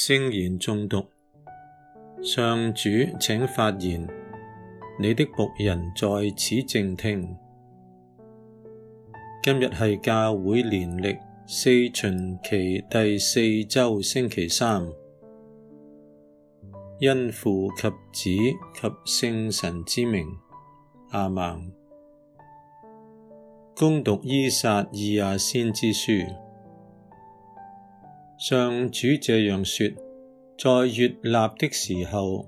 聖言誦讀，上主，請發言，你的僕人在此靜聽。今日係教會年曆四旬期第四周星期三，因父及子及聖神之名，阿門。恭讀依撒意亞先知書。上主這樣說：在悅納的時候，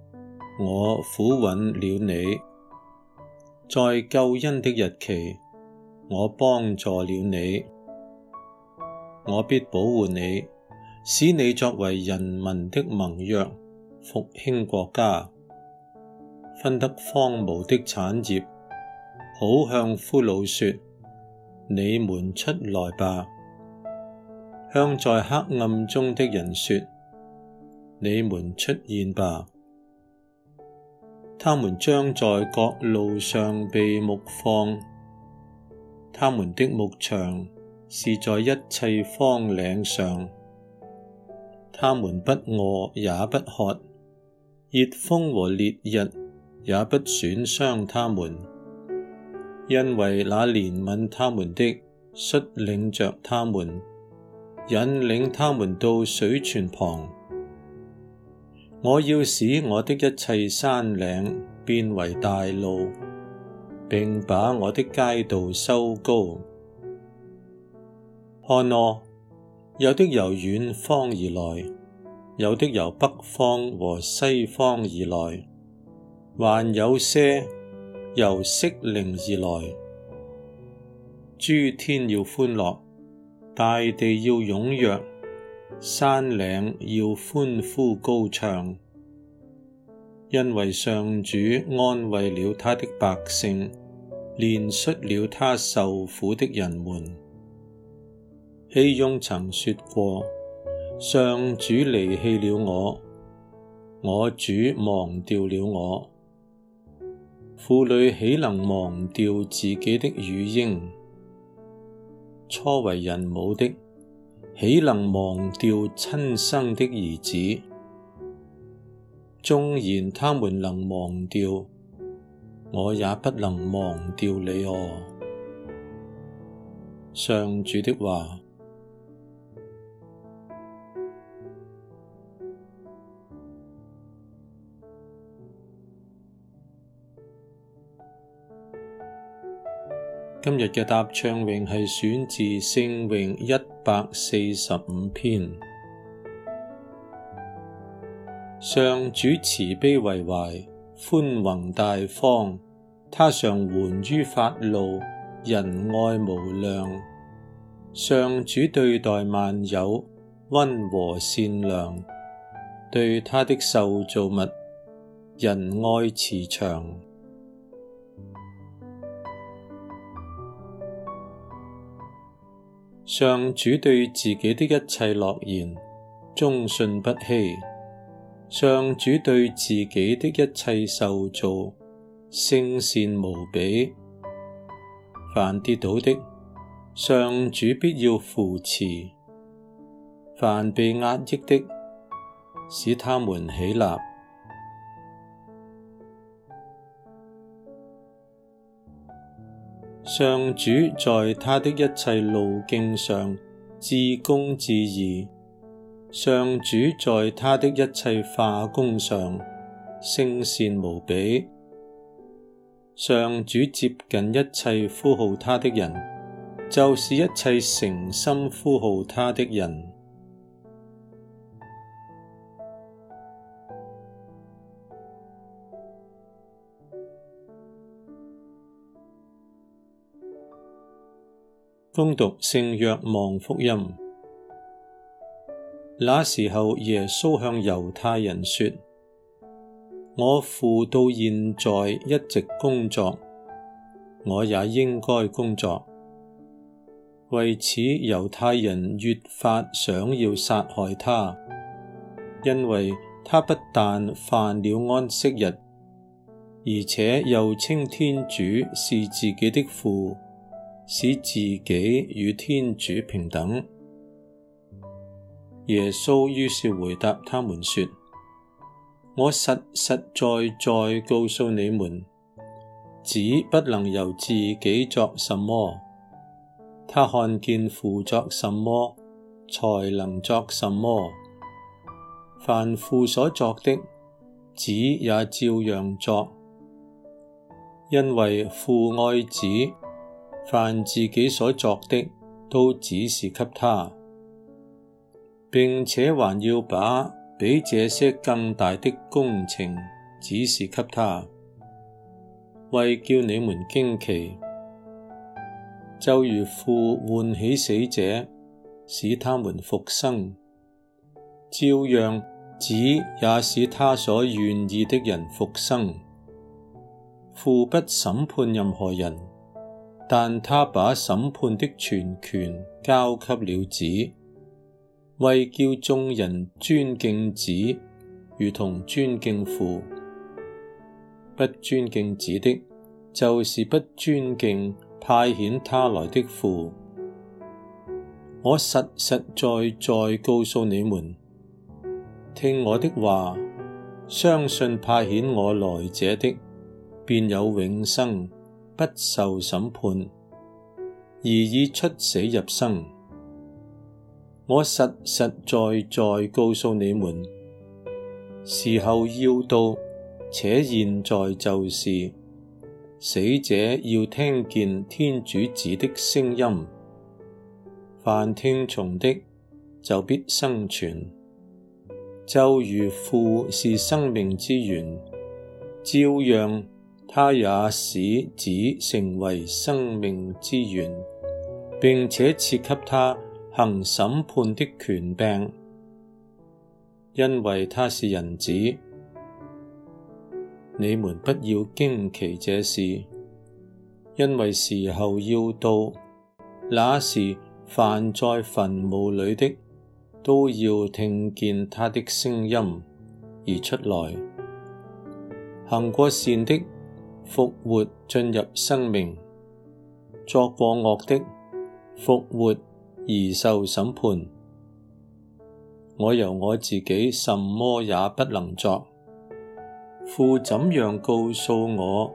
我俯允了你；在救恩的日期，我幫助了你。我必保護你，使你作為人民的盟約，復興國家，分得荒蕪的產業。好向俘虜說：你們出來吧！向在黑暗中的人說：你們出現吧，他們將在各路上被牧放，他們的牧場是在一切荒嶺上。他們不餓也不渴，熱風和烈日也不損傷他們，因為那憐憫他們的率領着他們。引領他們到水泉旁。我要使我的一切山嶺變為大路，並把我的街道修高。看啊，有的由遠方而來，有的由北方和西方而來，還有些由息寧而來。諸天要歡樂。大地要踴躍，山嶺要歡呼高唱，因為上主安慰了他的百姓，憐恤了他受苦的人們。熙雍曾說過：上主離棄了我，我主忘掉了我。婦女豈能忘掉自己的乳嬰？初為人母的，豈能忘掉親生的兒子？縱然他們能忘掉，我也不能忘掉你哦、啊。上主的話。今日嘅答唱詠係選自聖詠一百四十五篇。上主慈悲為懷，寬宏大方，他常緩於發怒，仁愛無量。上主對待萬有，温和善良，對他的受造物，仁愛慈祥。上主對自己的一切諾言忠信不欺，上主對自己的一切受造聖善無比，凡跌倒的，上主必要扶持，凡被壓抑的，使他們起立。上主在他的一切路徑上至公至義，上主在他的一切化工上聖善無比，上主接近一切呼號他的人，就是一切誠心呼號他的人。恭讀聖若望福音，那時候，耶穌向猶太人說：我父到現在一直工作，我也應該工作。為此，猶太人越發想要殺害他，因為他不但犯了安息日，而且又稱天主是自己的父。使自己與天主平等。耶穌於是回答他們說：我實實在在告訴你們，子不能由自己作什麼，他看見父作什麼，才能作什麼。凡父所作的，子也照樣作，因為父愛子。凡自己所作的，都指示給他，並且還要把比這些更大的工程指示給他，為叫你們驚奇。就如父喚起死者，使他們復生，照樣子也使他所願意的人復生。父不審判任何人。但他把審判的全權交給了子，為叫眾人尊敬子，如同尊敬父。不尊敬子的，就是不尊敬派遣他來的父。我實實在在告訴你們，聽我的話，相信派遣我來者的，便有永生。不受審判，而已出死入生。我實實在在告訴你們，時候要到，且現在就是。死者要聽見天主子的聲音，凡聽從的，就必生存。就如父是生命之源，照樣。他也使子成為生命之源，並且賜給他行審判的權柄，因為他是人子。你們不要驚奇這事，因為時候要到，那時凡在墳墓裏的都要聽見他的聲音而出來，行過善的。復活進入生命，作過惡的，復活而受審判。我由我自己什麼也不能作，父怎樣告訴我，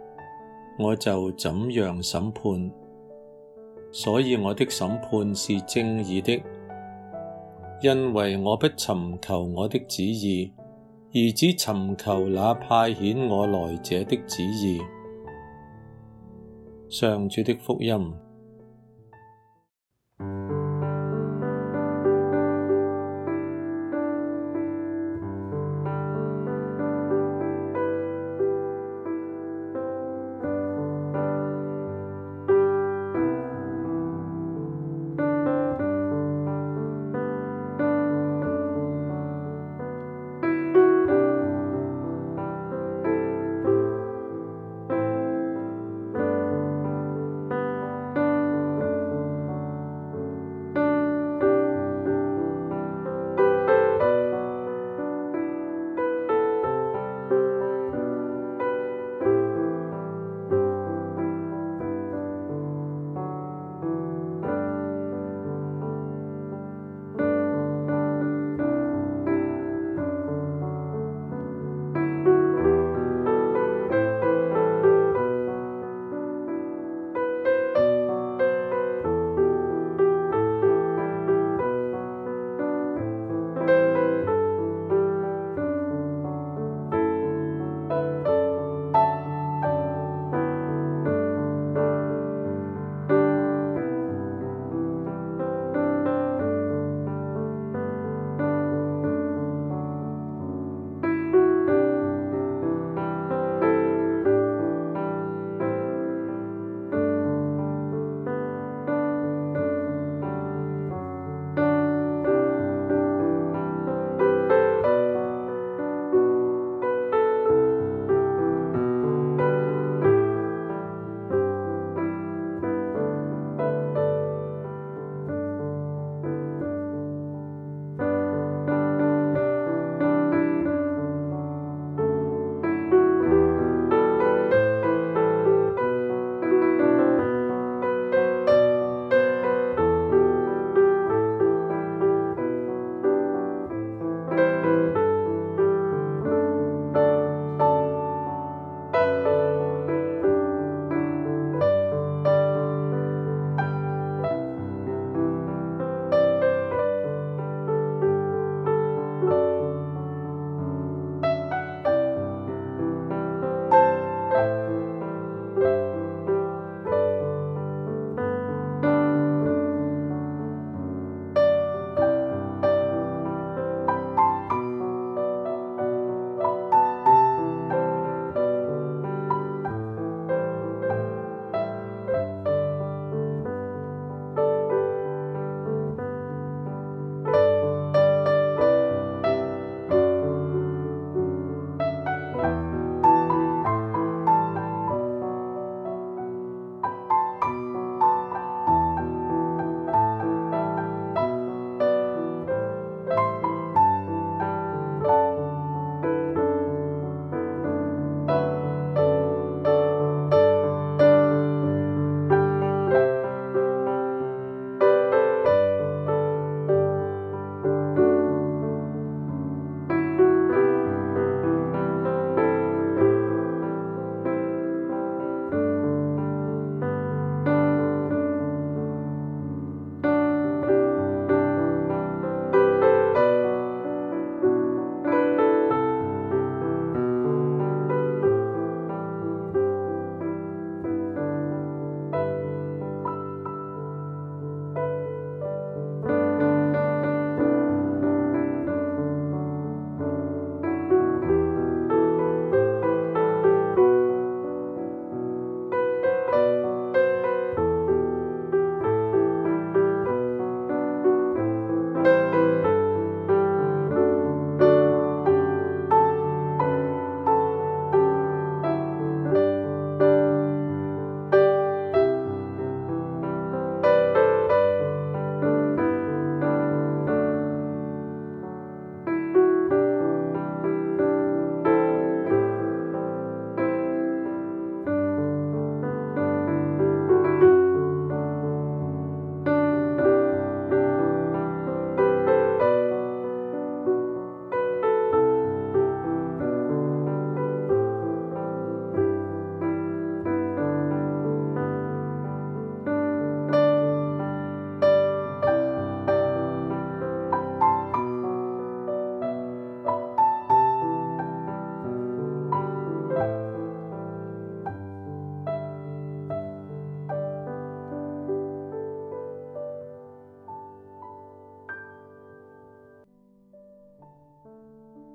我就怎樣審判。所以我的審判是正義的，因為我不尋求我的旨意，而只尋求那派遣我來者的旨意。上主的福音。